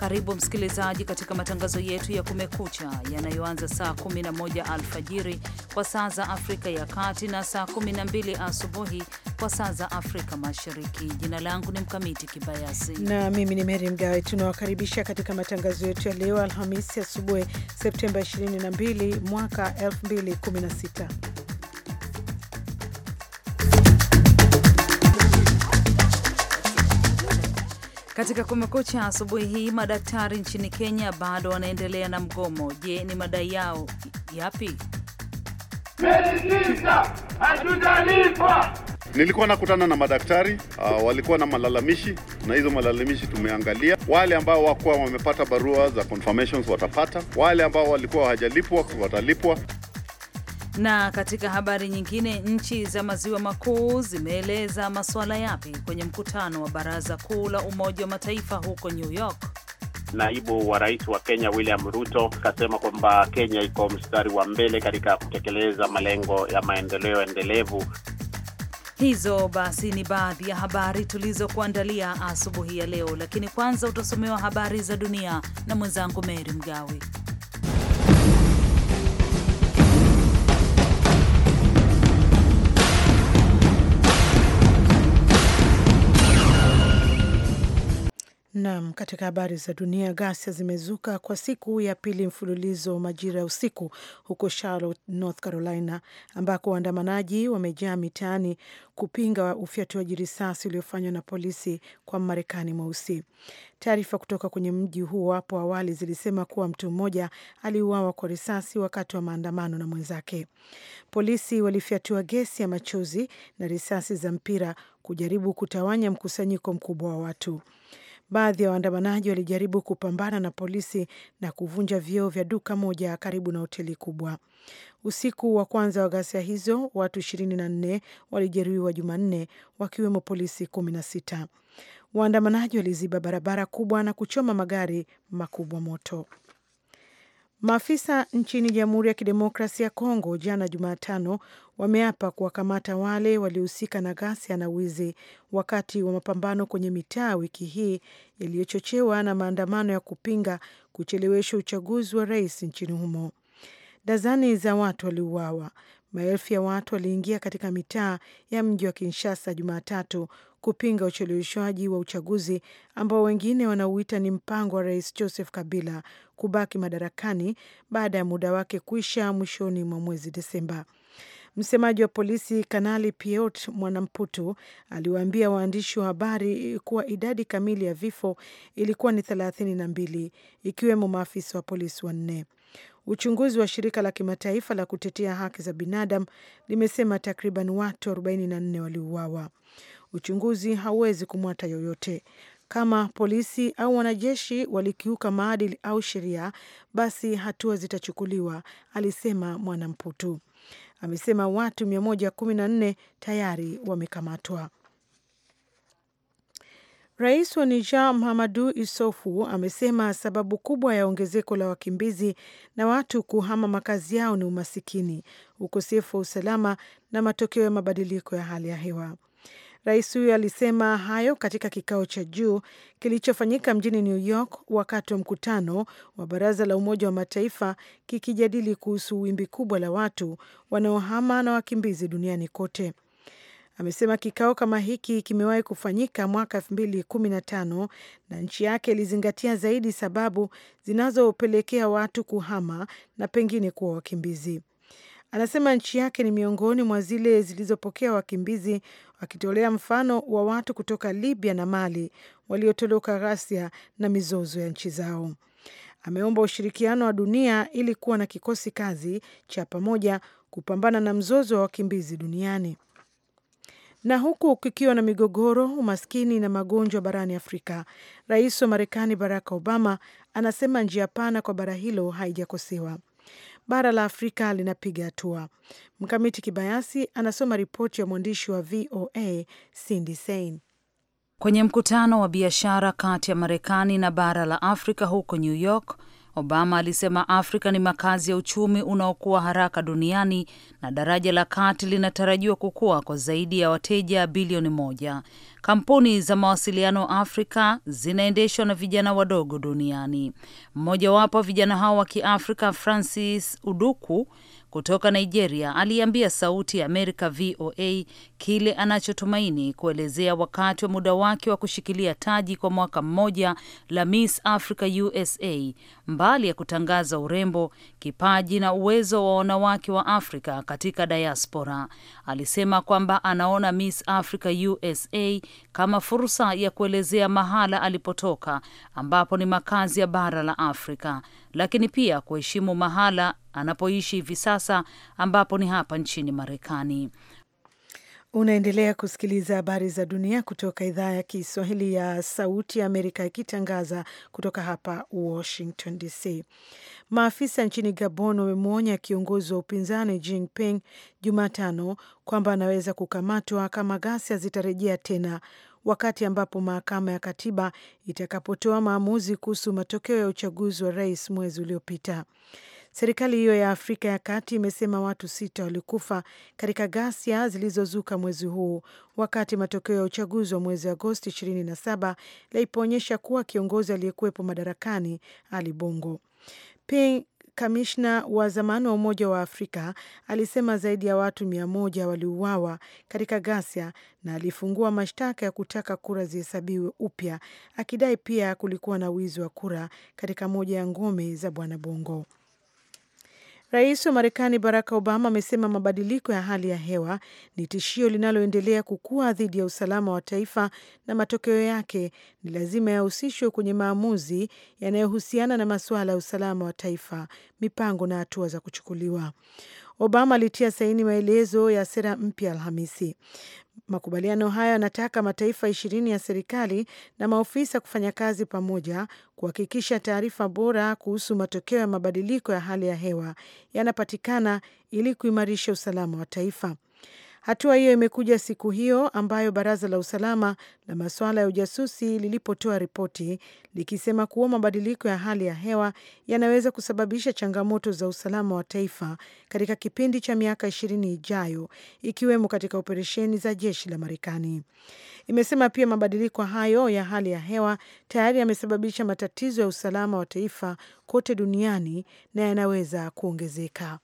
Karibu msikilizaji katika matangazo yetu ya kumekucha yanayoanza saa 11 alfajiri kwa saa za Afrika ya Kati na saa 12 asubuhi kwa saa za Afrika Mashariki. Jina langu ni Mkamiti Kibayasi na mimi ni Meri Mgawe. Tunawakaribisha katika matangazo yetu ya leo Alhamisi asubuhi, Septemba 22 mwaka 2016. Katika Kumekucha asubuhi hii, madaktari nchini Kenya bado wanaendelea na mgomo. Je, ni madai yao yapi? Nilikuwa nakutana na madaktari uh, walikuwa na malalamishi na hizo malalamishi tumeangalia. Wale ambao wakuwa wamepata barua za confirmations watapata, wale ambao walikuwa hawajalipwa watalipwa. Na katika habari nyingine, nchi za maziwa makuu zimeeleza masuala yapi kwenye mkutano wa baraza kuu la Umoja wa Mataifa huko New York. Naibu wa rais wa Kenya William Ruto akasema kwamba Kenya iko mstari wa mbele katika kutekeleza malengo ya maendeleo endelevu. Hizo basi ni baadhi ya habari tulizokuandalia asubuhi ya leo, lakini kwanza utasomewa habari za dunia na mwenzangu Meri Mgawe. Nam, katika habari za dunia, ghasia zimezuka kwa siku ya pili mfululizo majira ya usiku huko Charlotte, North Carolina, ambako waandamanaji wamejaa mitaani kupinga ufyatuaji risasi uliofanywa na polisi kwa Marekani mweusi. Taarifa kutoka kwenye mji huo hapo awali zilisema kuwa mtu mmoja aliuawa kwa risasi wakati wa maandamano na mwenzake. Polisi walifyatua gesi ya machozi na risasi za mpira kujaribu kutawanya mkusanyiko mkubwa wa watu. Baadhi ya wa waandamanaji walijaribu kupambana na polisi na kuvunja vioo vya duka moja karibu na hoteli kubwa. Usiku wa kwanza wa ghasia hizo, watu ishirini na nne walijeruhiwa Jumanne, wakiwemo polisi kumi na sita Waandamanaji waliziba barabara kubwa na kuchoma magari makubwa moto. Maafisa nchini Jamhuri ya Kidemokrasia ya Kongo jana Jumatano wameapa kuwakamata wale waliohusika na ghasia na wizi wakati wa mapambano kwenye mitaa wiki hii yaliyochochewa na maandamano ya kupinga kuchelewesha uchaguzi wa rais nchini humo. Dazani za watu waliuawa. Maelfu ya watu waliingia katika mitaa ya mji wa Kinshasa Jumatatu kupinga ucheleweshwaji wa uchaguzi ambao wengine wanauita ni mpango wa rais Joseph Kabila kubaki madarakani baada ya muda wake kuisha mwishoni mwa mwezi Desemba. Msemaji wa polisi Kanali Piot Mwanamputu aliwaambia waandishi wa habari kuwa idadi kamili ya vifo ilikuwa ni thelathini na mbili ikiwemo maafisa wa polisi wanne. Uchunguzi wa shirika la kimataifa la kutetea haki za binadamu limesema takriban watu 44 waliuawa. Uchunguzi hauwezi kumwata yoyote. Kama polisi au wanajeshi walikiuka maadili au sheria, basi hatua zitachukuliwa, alisema Mwanamputu amesema watu 114 tayari wamekamatwa. Rais wa Niger mhamadu Isofu amesema sababu kubwa ya ongezeko la wakimbizi na watu kuhama makazi yao ni umasikini, ukosefu wa usalama na matokeo ya mabadiliko ya hali ya hewa. Rais huyo alisema hayo katika kikao cha juu kilichofanyika mjini New York wakati wa mkutano wa Baraza la Umoja wa Mataifa kikijadili kuhusu wimbi kubwa la watu wanaohama na wakimbizi duniani kote. Amesema kikao kama hiki kimewahi kufanyika mwaka elfu mbili kumi na tano na nchi yake ilizingatia zaidi sababu zinazopelekea watu kuhama na pengine kuwa wakimbizi. Anasema nchi yake ni miongoni mwa zile zilizopokea wakimbizi wakitolea mfano wa watu kutoka Libya na Mali waliotoroka ghasia na mizozo ya nchi zao. Ameomba ushirikiano wa dunia ili kuwa na kikosi kazi cha pamoja kupambana na mzozo wa wakimbizi duniani. Na huku kukiwa na migogoro, umaskini na magonjwa barani Afrika, rais wa Marekani Barack Obama anasema njia pana kwa bara hilo haijakosewa bara la Afrika linapiga hatua. Mkamiti Kibayasi anasoma ripoti ya mwandishi wa VOA Cindy Sein. Kwenye mkutano wa biashara kati ya Marekani na bara la Afrika huko New York, Obama alisema Afrika ni makazi ya uchumi unaokuwa haraka duniani na daraja la kati linatarajiwa kukua kwa zaidi ya wateja bilioni moja. Kampuni za mawasiliano Afrika zinaendeshwa na vijana wadogo duniani. Mmojawapo wa vijana hao wa Kiafrika, Francis Uduku, kutoka Nigeria aliambia Sauti ya Amerika VOA kile anachotumaini kuelezea wakati wa muda wake wa kushikilia taji kwa mwaka mmoja la Miss Africa USA. Mbali ya kutangaza urembo, kipaji na uwezo wa wanawake wa Afrika katika diaspora, alisema kwamba anaona Miss Africa USA kama fursa ya kuelezea mahala alipotoka, ambapo ni makazi ya bara la Afrika, lakini pia kuheshimu mahala anapoishi hivi sasa ambapo ni hapa nchini Marekani. Unaendelea kusikiliza habari za dunia kutoka idhaa ya Kiswahili ya Sauti ya Amerika ikitangaza kutoka hapa Washington DC. Maafisa nchini Gabon wamemwonya kiongozi wa upinzani Jinping Ping Jumatano kwamba anaweza kukamatwa kama ghasia zitarejea tena, wakati ambapo mahakama ya katiba itakapotoa maamuzi kuhusu matokeo ya uchaguzi wa rais mwezi uliopita. Serikali hiyo ya Afrika ya Kati imesema watu sita walikufa katika ghasia zilizozuka mwezi huu wakati matokeo ya uchaguzi wa mwezi Agosti 27 yalipoonyesha kuwa kiongozi aliyekuwepo madarakani Ali Bongo. Ping Kamishna wa zamani wa Umoja wa Afrika alisema zaidi ya watu mia moja waliuawa katika ghasia na alifungua mashtaka ya kutaka kura zihesabiwe upya, akidai pia kulikuwa na wizi wa kura katika moja ya ngome za Bwana Bongo. Rais wa Marekani Barack Obama amesema mabadiliko ya hali ya hewa ni tishio linaloendelea kukua dhidi ya usalama wa taifa na matokeo yake ni lazima yahusishwe kwenye maamuzi yanayohusiana na masuala ya usalama wa taifa, mipango na hatua za kuchukuliwa. Obama alitia saini maelezo ya sera mpya Alhamisi. Makubaliano hayo yanataka mataifa ishirini ya serikali na maofisa kufanya kazi pamoja kuhakikisha taarifa bora kuhusu matokeo ya mabadiliko ya hali ya hewa yanapatikana ili kuimarisha usalama wa taifa. Hatua hiyo imekuja siku hiyo ambayo Baraza la Usalama la Masuala ya Ujasusi lilipotoa ripoti likisema kuwa mabadiliko ya hali ya hewa yanaweza kusababisha changamoto za usalama wa taifa katika kipindi cha miaka ishirini ijayo, ikiwemo katika operesheni za jeshi la Marekani. Imesema pia mabadiliko hayo ya hali ya hewa tayari yamesababisha matatizo ya usalama wa taifa kote duniani na yanaweza kuongezeka.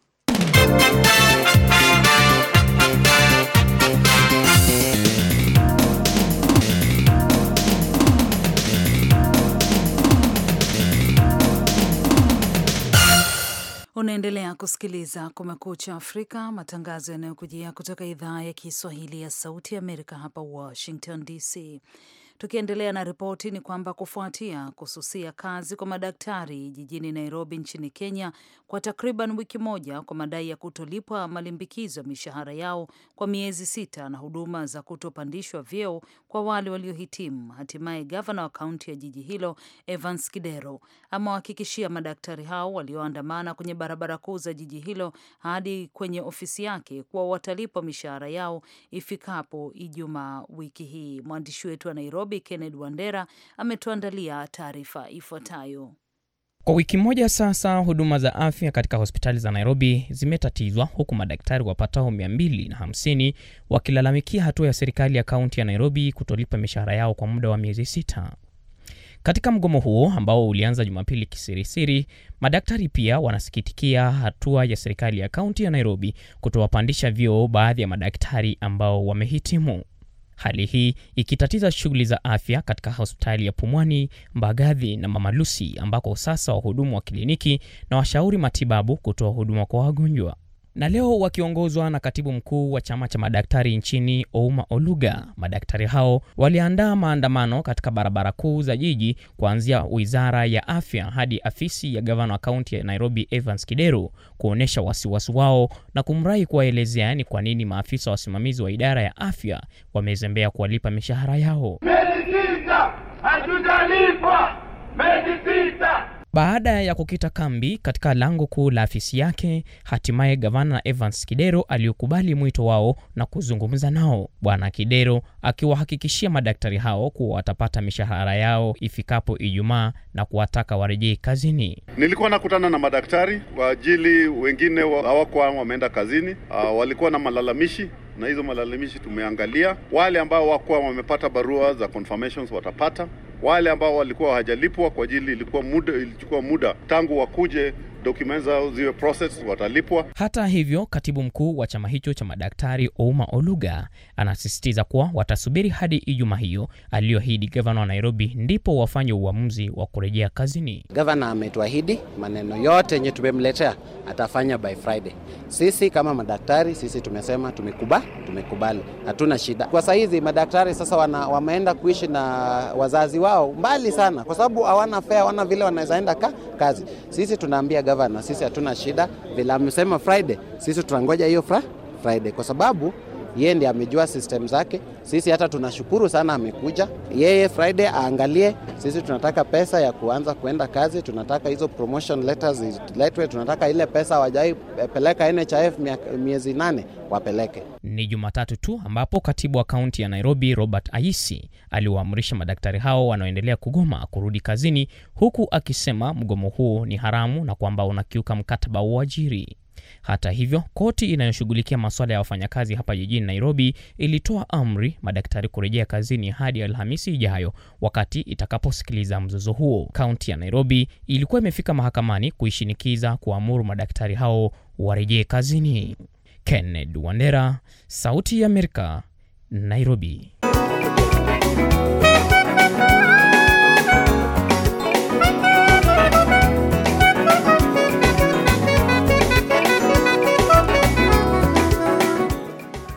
Unaendelea kusikiliza Kumekucha Afrika, matangazo yanayokujia kutoka idhaa ya Kiswahili ya Sauti ya Amerika hapa Washington DC. Tukiendelea na ripoti, ni kwamba kufuatia kususia kazi kwa madaktari jijini Nairobi nchini Kenya kwa takriban wiki moja kwa madai ya kutolipwa malimbikizo ya mishahara yao kwa miezi sita na huduma za kutopandishwa vyeo kwa wale waliohitimu, hatimaye gavana wa kaunti ya jiji hilo Evans Kidero amewahakikishia madaktari hao walioandamana kwenye barabara kuu za jiji hilo hadi kwenye ofisi yake kuwa watalipwa mishahara yao ifikapo Ijumaa wiki hii. Mwandishi wetu wa Nairobi Nairobi, Kennedy Wandera ametuandalia taarifa ifuatayo. Kwa wiki moja sasa, huduma za afya katika hospitali za Nairobi zimetatizwa huku madaktari wapatao 250 wakilalamikia hatua ya serikali ya kaunti ya Nairobi kutolipa mishahara yao kwa muda wa miezi sita. Katika mgomo huo ambao ulianza Jumapili kisirisiri, madaktari pia wanasikitikia hatua ya serikali ya kaunti ya Nairobi kutowapandisha vyoo baadhi ya madaktari ambao wamehitimu hali hii ikitatiza shughuli za afya katika hospitali ya Pumwani, Mbagathi na Mama Lucy ambako sasa wahudumu wa kliniki na washauri matibabu kutoa huduma kwa wagonjwa na leo wakiongozwa na katibu mkuu wa chama cha madaktari nchini Ouma Oluga, madaktari hao waliandaa maandamano katika barabara kuu za jiji kuanzia wizara ya afya hadi afisi ya gavana wa kaunti ya Nairobi Evans Kidero kuonyesha wasiwasi wao na kumrai kuwaelezea ni kwa nini maafisa wasimamizi wa idara ya afya wamezembea kuwalipa mishahara yao. Miezi sita miezi sita baada ya kukita kambi katika lango kuu la afisi yake, hatimaye gavana Evans Kidero aliokubali mwito wao na kuzungumza nao. Bwana Kidero akiwahakikishia madaktari hao kuwa watapata mishahara yao ifikapo Ijumaa na kuwataka warejee kazini. Nilikuwa nakutana na madaktari kwa ajili, wengine hawakuwa wameenda kazini, ah, walikuwa na malalamishi na hizo malalamishi tumeangalia. Wale ambao wakuwa wamepata barua za confirmations watapata wale ambao walikuwa hawajalipwa kwa ajili ilikuwa muda, ilichukua muda tangu wakuje documents zao ziwe process watalipwa. Hata hivyo, katibu mkuu wa chama hicho cha madaktari Ouma Oluga anasisitiza kuwa watasubiri hadi Ijumaa hiyo aliyoahidi gavana wa Nairobi, ndipo wafanye uamuzi wa kurejea kazini. Gavana ametuahidi maneno yote yenye tumemletea atafanya by Friday. Sisi kama madaktari sisi tumesema tumekuba, tumekubali, hatuna shida kwa saa hizi. Madaktari sasa wana, wameenda kuishi na wazazi wa wao mbali sana, kwa sababu hawana fare, hawana vile wanaweza enda ka, kazi. Sisi tunaambia gavana, sisi hatuna shida, vile amesema Friday, sisi tunangoja hiyo Friday kwa sababu yeye ndiye amejua system zake. Sisi hata tunashukuru sana amekuja yeye. Friday aangalie, sisi tunataka pesa ya kuanza kuenda kazi, tunataka hizo promotion letters letwe, tunataka ile pesa peleka NHIF miezi nane wapeleke. Ni Jumatatu tu ambapo katibu wa kaunti ya Nairobi Robert Aisi aliwaamrisha madaktari hao wanaoendelea kugoma kurudi kazini, huku akisema mgomo huo ni haramu na kwamba unakiuka mkataba wa uajiri. Hata hivyo, koti inayoshughulikia masuala ya wafanyakazi hapa jijini Nairobi ilitoa amri madaktari kurejea kazini hadi Alhamisi ijayo wakati itakaposikiliza mzozo huo. Kaunti ya Nairobi ilikuwa imefika mahakamani kuishinikiza kuamuru madaktari hao warejee kazini. kenned Wandera, Sauti ya Amerika, Nairobi.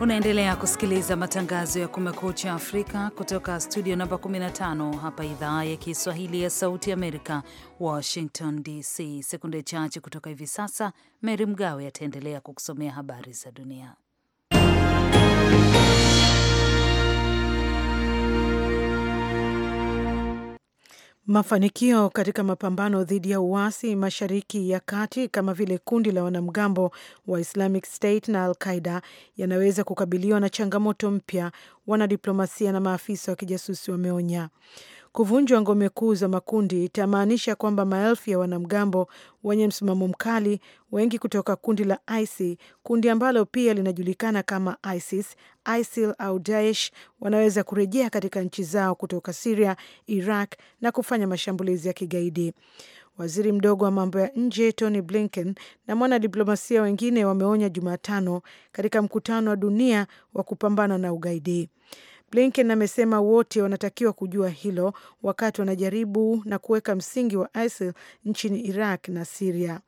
Unaendelea kusikiliza matangazo ya Kumekucha Afrika kutoka studio namba 15 hapa idhaa ya Kiswahili ya Sauti Amerika, Washington DC. Sekunde chache kutoka hivi sasa, mery Mgawe ataendelea kukusomea habari za dunia. Mafanikio katika mapambano dhidi ya uasi Mashariki ya Kati kama vile kundi la wanamgambo wa Islamic State na Al Qaida yanaweza kukabiliwa na changamoto mpya, wanadiplomasia na maafisa wa kijasusi wameonya. Kuvunjwa ngome kuu za makundi itamaanisha kwamba maelfu ya wanamgambo wenye msimamo mkali, wengi kutoka kundi la IC, kundi ambalo pia linajulikana kama ISIS, ISIL au Daesh, wanaweza kurejea katika nchi zao kutoka Siria, Iraq na kufanya mashambulizi ya kigaidi. Waziri mdogo wa mambo ya nje Tony Blinken na mwanadiplomasia wengine wameonya Jumatano katika mkutano wa dunia wa kupambana na ugaidi. Blinken amesema wote wanatakiwa kujua hilo wakati wanajaribu na kuweka msingi wa ISIL nchini Iraq na Siria.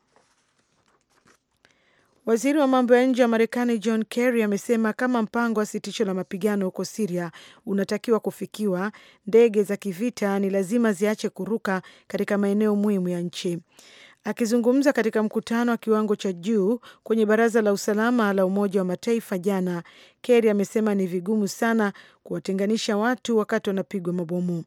Waziri wa mambo ya nje wa Marekani John Kerry amesema kama mpango wa sitisho la mapigano huko Siria unatakiwa kufikiwa, ndege za kivita ni lazima ziache kuruka katika maeneo muhimu ya nchi. Akizungumza katika mkutano wa kiwango cha juu kwenye Baraza la Usalama la Umoja wa Mataifa jana, Kerry amesema ni vigumu sana kuwatenganisha watu wakati wanapigwa mabomu.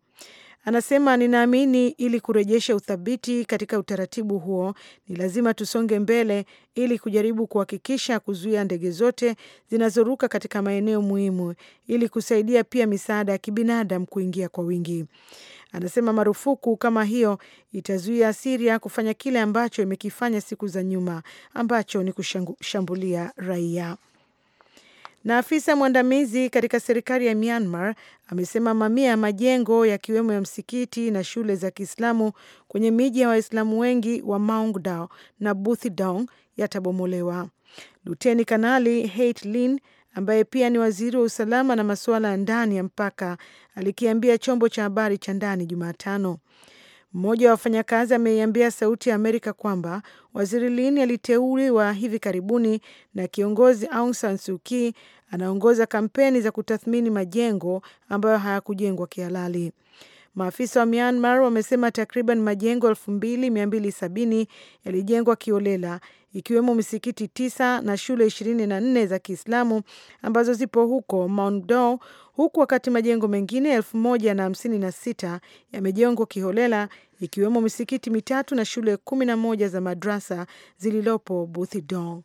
Anasema, ninaamini ili kurejesha uthabiti katika utaratibu huo ni lazima tusonge mbele ili kujaribu kuhakikisha kuzuia ndege zote zinazoruka katika maeneo muhimu ili kusaidia pia misaada ya kibinadamu kuingia kwa wingi. Anasema marufuku kama hiyo itazuia Siria kufanya kile ambacho imekifanya siku za nyuma ambacho ni kushambulia raia. Na afisa mwandamizi katika serikali ya Myanmar amesema mamia ya majengo yakiwemo ya msikiti na shule za Kiislamu kwenye miji ya Waislamu wengi wa Maungdao na Buthidaung yatabomolewa. Luteni Kanali Hait Lin ambaye pia ni waziri wa usalama na masuala ya ndani ya mpaka alikiambia chombo cha habari cha ndani Jumatano mmoja wa wafanyakazi ameiambia Sauti ya Amerika kwamba waziri Lin aliteuliwa hivi karibuni na kiongozi Aung San Suu Kyi anaongoza kampeni za kutathmini majengo ambayo hayakujengwa kihalali. Maafisa wa Myanmar wamesema takriban majengo 2270 yalijengwa kiolela ikiwemo misikiti tisa na shule 24 za Kiislamu ambazo zipo huko mondo huku wakati majengo mengine 1056 yamejengwa kiholela ikiwemo misikiti mitatu na shule kumi na moja za madrasa zililopo Buthidong.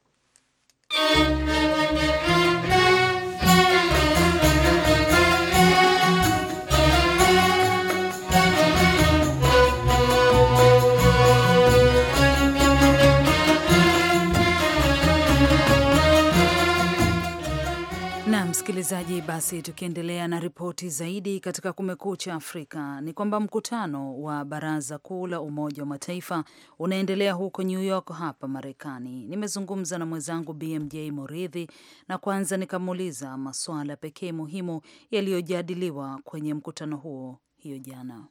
Basi tukiendelea na ripoti zaidi katika Kumekucha Afrika ni kwamba mkutano wa Baraza Kuu la Umoja wa Mataifa unaendelea huko New York hapa Marekani. Nimezungumza na mwenzangu BMJ Moridhi na kwanza nikamuuliza masuala pekee muhimu yaliyojadiliwa kwenye mkutano huo hiyo jana.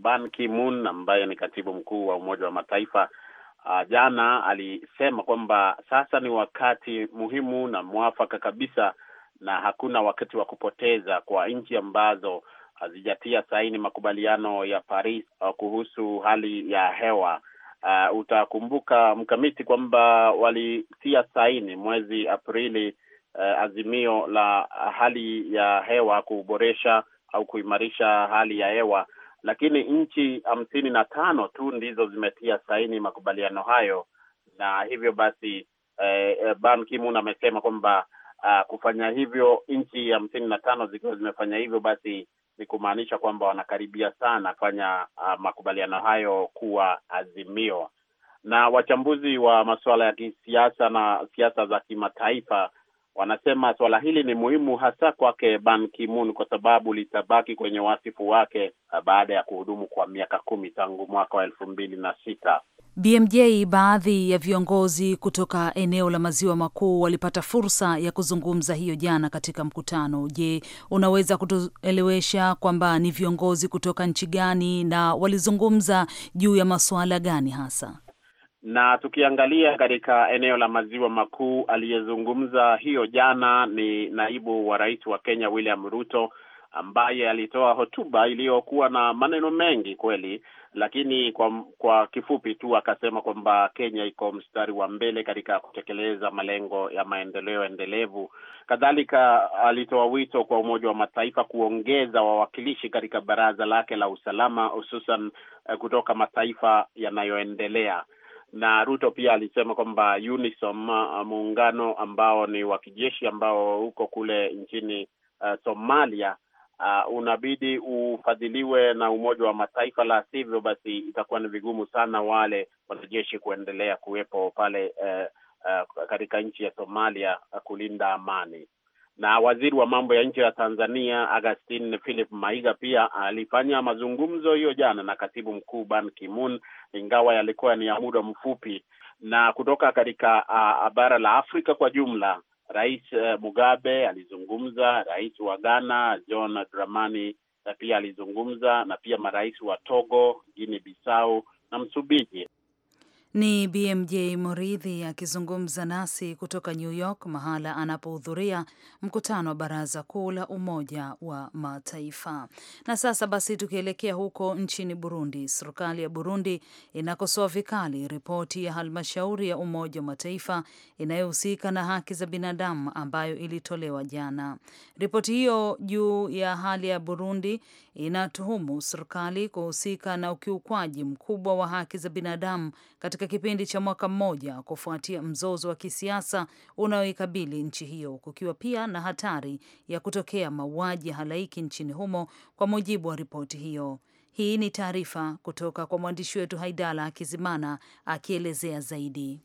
Ban Ki-moon ambaye ni katibu mkuu wa Umoja wa Mataifa Uh, jana alisema kwamba sasa ni wakati muhimu na mwafaka kabisa na hakuna wakati wa kupoteza kwa nchi ambazo hazijatia saini makubaliano ya Paris uh, kuhusu hali ya hewa. Uh, utakumbuka mkamiti kwamba walitia saini mwezi Aprili uh, azimio la hali ya hewa kuboresha au kuimarisha hali ya hewa, lakini nchi hamsini na tano tu ndizo zimetia saini makubaliano hayo, na hivyo basi eh, Ban Ki-moon amesema kwamba uh, kufanya hivyo nchi hamsini na tano zikiwa zimefanya hivyo, basi ni kumaanisha kwamba wanakaribia sana fanya uh, ah, makubaliano hayo kuwa azimio. Na wachambuzi wa masuala ya kisiasa na siasa za kimataifa wanasema suala hili ni muhimu hasa kwake Ban Ki-moon kwa sababu litabaki kwenye wasifu wake ah, baada ya kuhudumu kwa miaka kumi tangu mwaka wa elfu mbili na sita. BMJ, baadhi ya viongozi kutoka eneo la maziwa makuu walipata fursa ya kuzungumza hiyo jana katika mkutano. Je, unaweza kutuelewesha kwamba ni viongozi kutoka nchi gani na walizungumza juu ya masuala gani hasa? Na tukiangalia katika eneo la maziwa makuu, aliyezungumza hiyo jana ni naibu wa rais wa Kenya William Ruto ambaye alitoa hotuba iliyokuwa na maneno mengi kweli, lakini kwa, kwa kifupi tu akasema kwamba Kenya iko mstari wa mbele katika kutekeleza malengo ya maendeleo endelevu. Kadhalika alitoa wito kwa Umoja wa Mataifa kuongeza wawakilishi katika baraza lake la usalama hususan eh, kutoka mataifa yanayoendelea na Ruto pia alisema kwamba UNISOM, eh, muungano ambao ni wa kijeshi ambao uko kule nchini uh, Somalia uh, unabidi ufadhiliwe na Umoja wa Mataifa, la sivyo basi itakuwa ni vigumu sana wale wanajeshi kuendelea kuwepo pale uh, uh, katika nchi ya Somalia kulinda amani. Na waziri wa mambo ya nje ya Tanzania Augustine Philip Maiga pia alifanya mazungumzo hiyo jana na katibu mkuu Ban Ki-moon, ingawa yalikuwa ni ya muda mfupi. Na kutoka katika uh, bara la Afrika kwa jumla Rais eh, Mugabe alizungumza, rais wa Ghana John Dramani pia alizungumza, na pia marais wa Togo, Guinea Bissau na Msumbiji. Ni BMJ Moridhi akizungumza nasi kutoka New York, mahala anapohudhuria mkutano wa Baraza Kuu la Umoja wa Mataifa. Na sasa basi, tukielekea huko nchini Burundi, serikali ya Burundi inakosoa vikali ripoti ya halmashauri ya Umoja wa Mataifa inayohusika na haki za binadamu ambayo ilitolewa jana. Ripoti hiyo juu ya hali ya Burundi inatuhumu serikali kuhusika na ukiukwaji mkubwa wa haki za binadamu katika kipindi cha mwaka mmoja kufuatia mzozo wa kisiasa unaoikabili nchi hiyo, kukiwa pia na hatari ya kutokea mauaji halaiki nchini humo, kwa mujibu wa ripoti hiyo. Hii ni taarifa kutoka kwa mwandishi wetu Haidala Kizimana akielezea zaidi.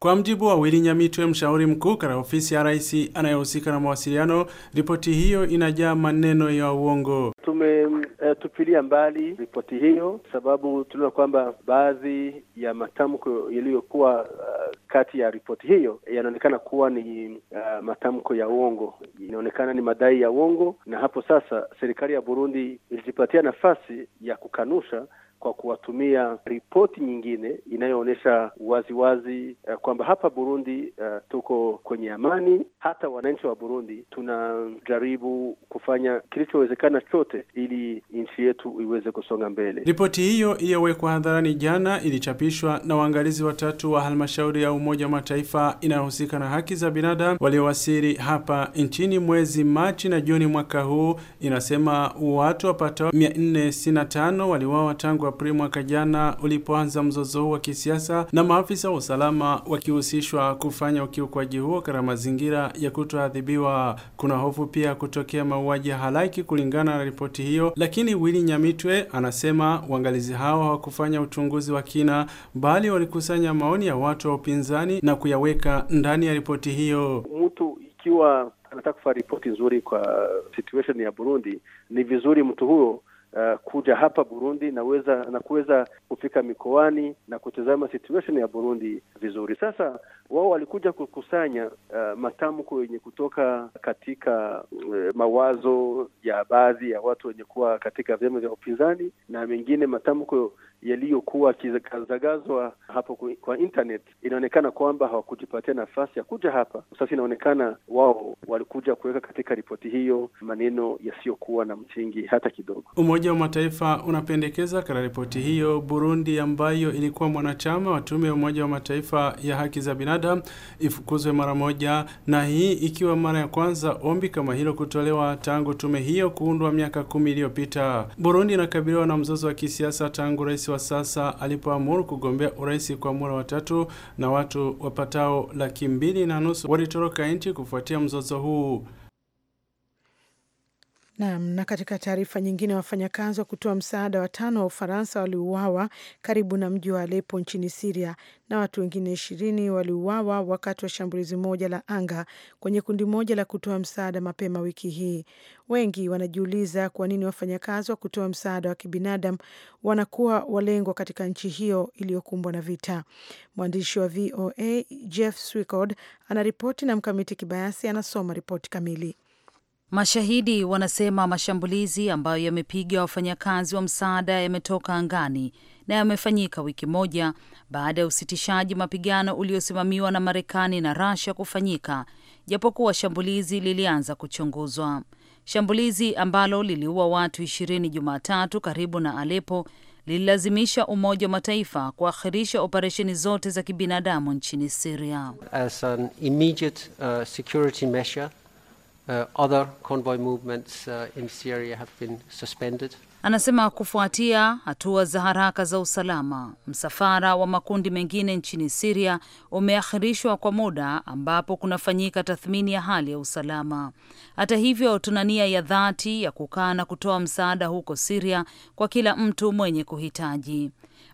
Kwa mjibu wa Wili Nyamitwe, mshauri mkuu katika ofisi ya rais anayehusika na mawasiliano, ripoti hiyo inajaa maneno ya uongo. Tumetupilia eh, uh, mbali ripoti hiyo sababu tunaona kwamba baadhi ya matamko yaliyokuwa uh, kati ya ripoti hiyo yanaonekana kuwa ni uh, matamko ya uongo, inaonekana ni madai ya uongo, na hapo sasa serikali ya Burundi ilijipatia nafasi ya kukanusha kwa kuwatumia ripoti nyingine inayoonyesha waziwazi uh, kwamba hapa Burundi uh, tuko kwenye amani. Hata wananchi wa Burundi tunajaribu kufanya kilichowezekana chote ili nchi yetu iweze kusonga mbele. Ripoti hiyo iliyowekwa hadharani jana ilichapishwa na waangalizi watatu wa halmashauri ya Umoja wa Mataifa inayohusika na haki za binadamu waliowasili hapa nchini mwezi Machi na Juni mwaka huu. Inasema watu wapatao mia nne waliuawa tangu Aprili mwaka jana ulipoanza mzozo huu wa kisiasa, na maafisa wa usalama wakihusishwa kufanya ukiukwaji huo katika mazingira ya kutoadhibiwa. Kuna hofu pia kutokea mauaji ya halaiki kulingana na ripoti hiyo, lakini Willy Nyamitwe anasema uangalizi hao hawakufanya uchunguzi wa kina, bali walikusanya maoni ya watu wa upinzani na kuyaweka ndani ya ripoti hiyo. Mtu ikiwa anataka kufanya ripoti nzuri kwa situation ya Burundi, ni vizuri mtu huyo uh, kuja hapa Burundi naweza, na kuweza kufika mikoani na kutazama situation ya Burundi vizuri. Sasa wao walikuja kukusanya uh, matamko yenye kutoka katika uh, mawazo ya baadhi ya watu wenye kuwa katika vyama vya upinzani na mengine matamko yaliyokuwa akizagazagazwa hapo kwa internet, inaonekana kwamba hawakujipatia nafasi ya kuja hapa. Sasa inaonekana wao walikuja kuweka katika ripoti hiyo maneno yasiyokuwa na msingi hata kidogo. Umoja wa Mataifa unapendekeza katika ripoti hiyo Burundi, ambayo ilikuwa mwanachama wa tume ya Umoja wa Mataifa ya haki za binadamu, ifukuzwe mara moja, na hii ikiwa mara ya kwanza ombi kama hilo kutolewa tangu tume hiyo kuundwa miaka kumi iliyopita. Burundi inakabiliwa na mzozo wa kisiasa tangu rais wa sasa alipoamuru kugombea urais kwa mura watatu na watu wapatao laki mbili na nusu walitoroka nchi kufuatia mzozo huu. Nam. Na katika taarifa nyingine, wafanyakazi wa kutoa msaada watano wa Ufaransa waliuawa karibu na mji wa Alepo nchini Siria na watu wengine ishirini waliuawa wakati wa shambulizi moja la anga kwenye kundi moja la kutoa msaada mapema wiki hii. Wengi wanajiuliza kwa nini wafanyakazi wa kutoa msaada wa kibinadamu wanakuwa walengwa katika nchi hiyo iliyokumbwa na vita. Mwandishi wa VOA Jeff Swickord anaripoti na Mkamiti Kibayasi anasoma ripoti kamili. Mashahidi wanasema mashambulizi ambayo yamepiga wafanyakazi wa msaada yametoka angani na yamefanyika wiki moja baada ya usitishaji mapigano uliosimamiwa na Marekani na Russia kufanyika, japokuwa shambulizi lilianza kuchunguzwa. Shambulizi ambalo liliua watu ishirini Jumatatu karibu na Alepo lililazimisha Umoja wa Mataifa kuakhirisha operesheni zote za kibinadamu nchini Siria. Uh, other convoy movements uh, in Syria have been suspended. Anasema kufuatia hatua za haraka za usalama, msafara wa makundi mengine nchini Siria umeahirishwa kwa muda, ambapo kunafanyika tathmini ya hali ya usalama. Hata hivyo, tuna nia ya dhati ya kukaa na kutoa msaada huko Siria kwa kila mtu mwenye kuhitaji.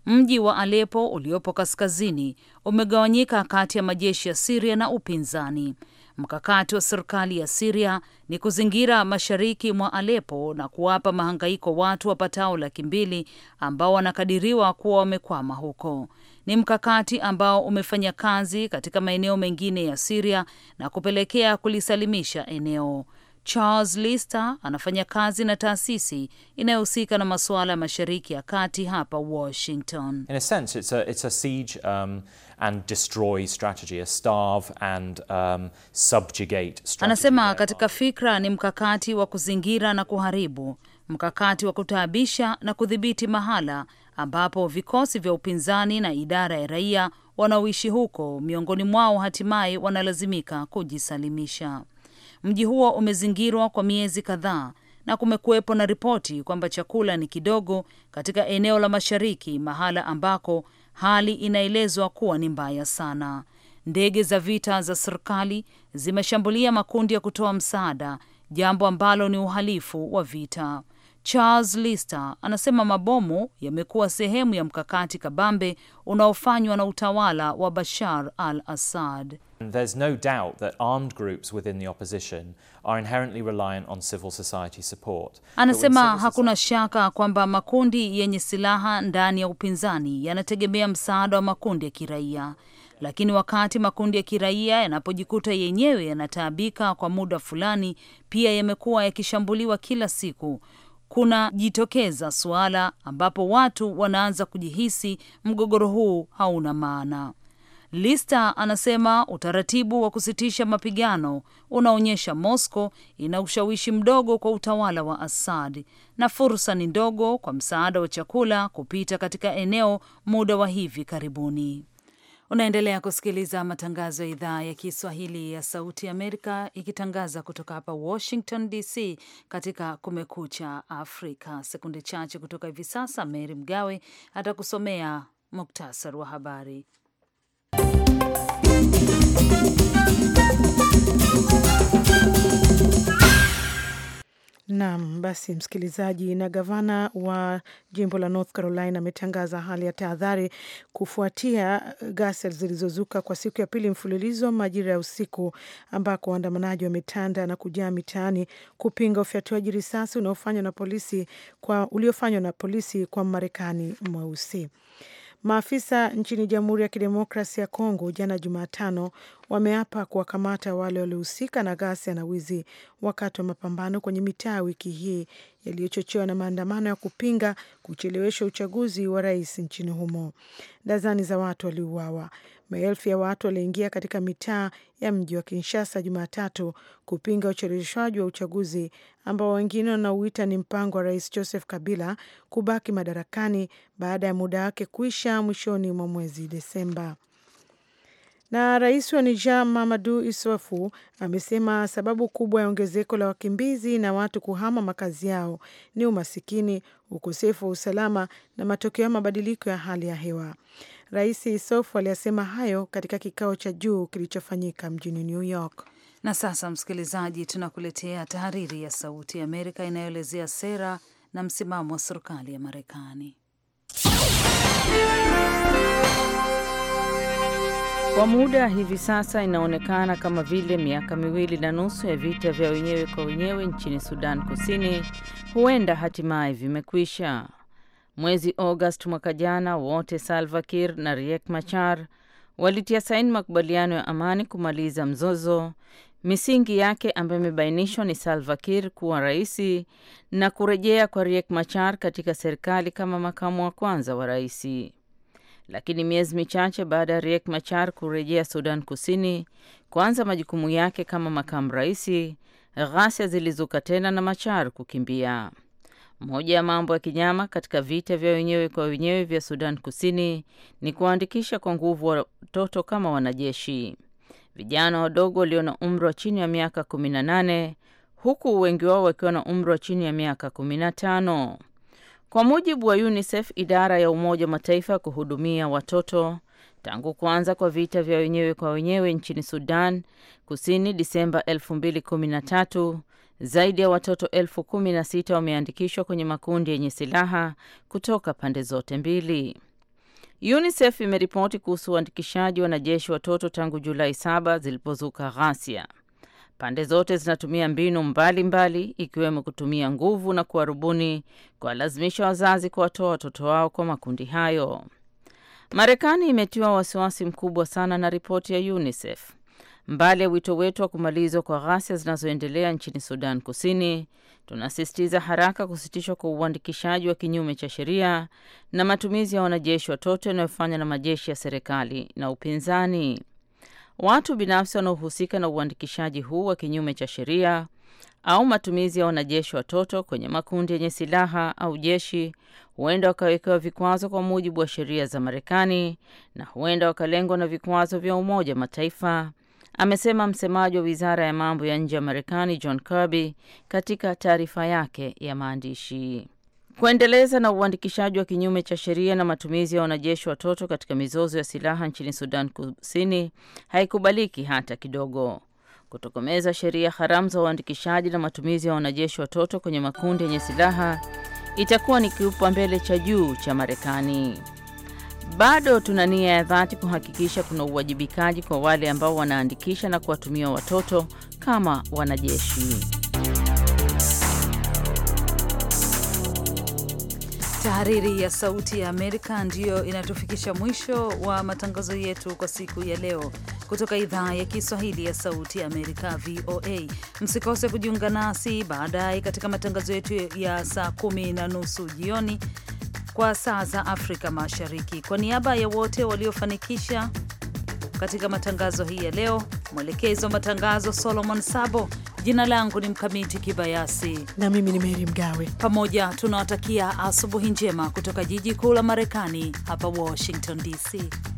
Mji wa Alepo uliopo kaskazini umegawanyika kati ya majeshi ya Siria na upinzani Mkakati wa serikali ya Siria ni kuzingira mashariki mwa Alepo na kuwapa mahangaiko watu wapatao laki mbili ambao wanakadiriwa kuwa wamekwama huko. Ni mkakati ambao umefanya kazi katika maeneo mengine ya Siria na kupelekea kulisalimisha eneo. Charles Lister anafanya kazi na taasisi inayohusika na masuala ya Mashariki ya Kati hapa Washington. In a sense, it's a, it's a siege, um, and destroy strategy, a starve and, um, subjugate strategy. Anasema katika fikra ni mkakati wa kuzingira na kuharibu, mkakati wa kutaabisha na kudhibiti mahala ambapo vikosi vya upinzani na idara ya raia wanaoishi huko, miongoni mwao hatimaye wanalazimika kujisalimisha. Mji huo umezingirwa kwa miezi kadhaa na kumekuwepo na ripoti kwamba chakula ni kidogo katika eneo la mashariki, mahala ambako hali inaelezwa kuwa ni mbaya sana. Ndege za vita za serikali zimeshambulia makundi ya kutoa msaada, jambo ambalo ni uhalifu wa vita. Charles Lister anasema mabomu yamekuwa sehemu ya mkakati kabambe unaofanywa na utawala wa Bashar al-Assad. There's no doubt that armed groups within the opposition are inherently reliant on civil society support. Anasema hakuna shaka kwamba makundi yenye silaha ndani ya upinzani yanategemea msaada wa makundi ya kiraia. Lakini wakati makundi ya kiraia yanapojikuta yenyewe yanataabika kwa muda fulani, pia yamekuwa yakishambuliwa kila siku kunajitokeza suala ambapo watu wanaanza kujihisi mgogoro huu hauna maana. Lista anasema utaratibu wa kusitisha mapigano unaonyesha Moscow ina ushawishi mdogo kwa utawala wa Assad na fursa ni ndogo kwa msaada wa chakula kupita katika eneo muda wa hivi karibuni. Unaendelea kusikiliza matangazo ya idhaa ya Kiswahili ya Sauti Amerika ikitangaza kutoka hapa Washington DC katika Kumekucha Afrika. Sekunde chache kutoka hivi sasa, mery Mgawe atakusomea muktasari wa habari. Naam, basi msikilizaji, na gavana wa jimbo la North Carolina ametangaza hali ya tahadhari kufuatia ghasia zilizozuka kwa siku ya pili mfululizo majira ya usiku, ambako waandamanaji wametanda na kujaa mitaani kupinga ufyatuaji risasi uliofanywa na polisi kwa marekani mweusi. Maafisa nchini Jamhuri ya Kidemokrasi ya Kongo jana Jumatano wameapa kuwakamata wale waliohusika na ghasia na wizi wakati wa mapambano kwenye mitaa wiki hii yaliyochochewa na maandamano ya kupinga kucheleweshwa uchaguzi wa rais nchini humo. Dazani za watu waliuawa. Maelfu ya watu waliingia katika mitaa ya mji wa Kinshasa Jumatatu kupinga ucheleweshwaji wa uchaguzi ambao wengine wanauita ni mpango wa rais Joseph Kabila kubaki madarakani baada ya muda wake kuisha mwishoni mwa mwezi Desemba. Na rais wa Niger Mamadu isofu amesema sababu kubwa ya ongezeko la wakimbizi na watu kuhama makazi yao ni umasikini, ukosefu wa usalama na matokeo ya mabadiliko ya hali ya hewa. Rais isofu aliyasema hayo katika kikao cha juu kilichofanyika mjini New York. Na sasa, msikilizaji, tunakuletea tahariri ya Sauti ya Amerika inayoelezea sera na msimamo wa serikali ya Marekani. Kwa muda hivi sasa inaonekana kama vile miaka miwili na nusu ya vita vya wenyewe kwa wenyewe nchini Sudan Kusini huenda hatimaye vimekwisha. Mwezi Agosti mwaka jana, wote Salva Kiir na Riek Machar walitia saini makubaliano ya amani kumaliza mzozo, misingi yake ambayo imebainishwa ni Salva Kiir kuwa raisi na kurejea kwa Riek Machar katika serikali kama makamu wa kwanza wa raisi lakini miezi michache baada ya Riek Machar kurejea Sudan Kusini kuanza majukumu yake kama makamu raisi, ghasia zilizuka tena na Machar kukimbia. Moja ya mambo ya kinyama katika vita vya wenyewe kwa wenyewe vya Sudan Kusini ni kuwaandikisha kwa nguvu watoto kama wanajeshi, vijana wadogo walio na umri wa chini ya miaka kumi na nane huku wengi wao wakiwa na umri wa chini ya miaka kumi na tano kwa mujibu wa UNICEF, idara ya Umoja wa Mataifa ya kuhudumia watoto, tangu kuanza kwa vita vya wenyewe kwa wenyewe nchini Sudan Kusini Disemba 2013 zaidi ya watoto elfu kumi na sita wameandikishwa kwenye makundi yenye silaha kutoka pande zote mbili. UNICEF imeripoti kuhusu uandikishaji wanajeshi watoto tangu Julai 7 zilipozuka ghasia. Pande zote zinatumia mbinu mbalimbali ikiwemo kutumia nguvu na kuwarubuni kuwalazimisha wazazi kuwatoa watoto wao kwa makundi hayo. Marekani imetiwa wasiwasi mkubwa sana na ripoti ya UNICEF. Mbali ya wito wetu wa kumalizwa kwa ghasia zinazoendelea nchini Sudan Kusini, tunasisitiza haraka kusitishwa kwa uandikishaji wa kinyume cha sheria na matumizi ya wanajeshi watoto yanayofanywa na majeshi ya serikali na upinzani watu binafsi wanaohusika na uandikishaji huu wa kinyume cha sheria au matumizi ya wanajeshi watoto kwenye makundi yenye silaha au jeshi huenda wakawekewa vikwazo kwa mujibu wa sheria za Marekani na huenda wakalengwa na vikwazo vya Umoja Mataifa, amesema msemaji wa wizara ya mambo ya nje ya Marekani John Kirby katika taarifa yake ya maandishi. Kuendeleza na uandikishaji wa kinyume cha sheria na matumizi ya wanajeshi watoto katika mizozo ya silaha nchini Sudan Kusini haikubaliki hata kidogo. Kutokomeza sheria haramu za uandikishaji na matumizi ya wanajeshi watoto kwenye makundi yenye silaha itakuwa ni kipaumbele cha juu cha Marekani. Bado tuna nia ya dhati kuhakikisha kuna uwajibikaji kwa wale ambao wanaandikisha na kuwatumia watoto kama wanajeshi. Tahariri ya Sauti ya Amerika ndiyo inatufikisha mwisho wa matangazo yetu kwa siku ya leo kutoka idhaa ya Kiswahili ya Sauti ya Amerika, VOA. Msikose kujiunga nasi baadaye katika matangazo yetu ya saa kumi na nusu jioni kwa saa za Afrika Mashariki. Kwa niaba ya wote waliofanikisha katika matangazo hii ya leo, mwelekezi wa matangazo Solomon Sabo, Jina langu ni Mkamiti Kibayasi na mimi ni Meri Mgawe. Pamoja tunawatakia asubuhi njema kutoka jiji kuu la Marekani, hapa Washington DC.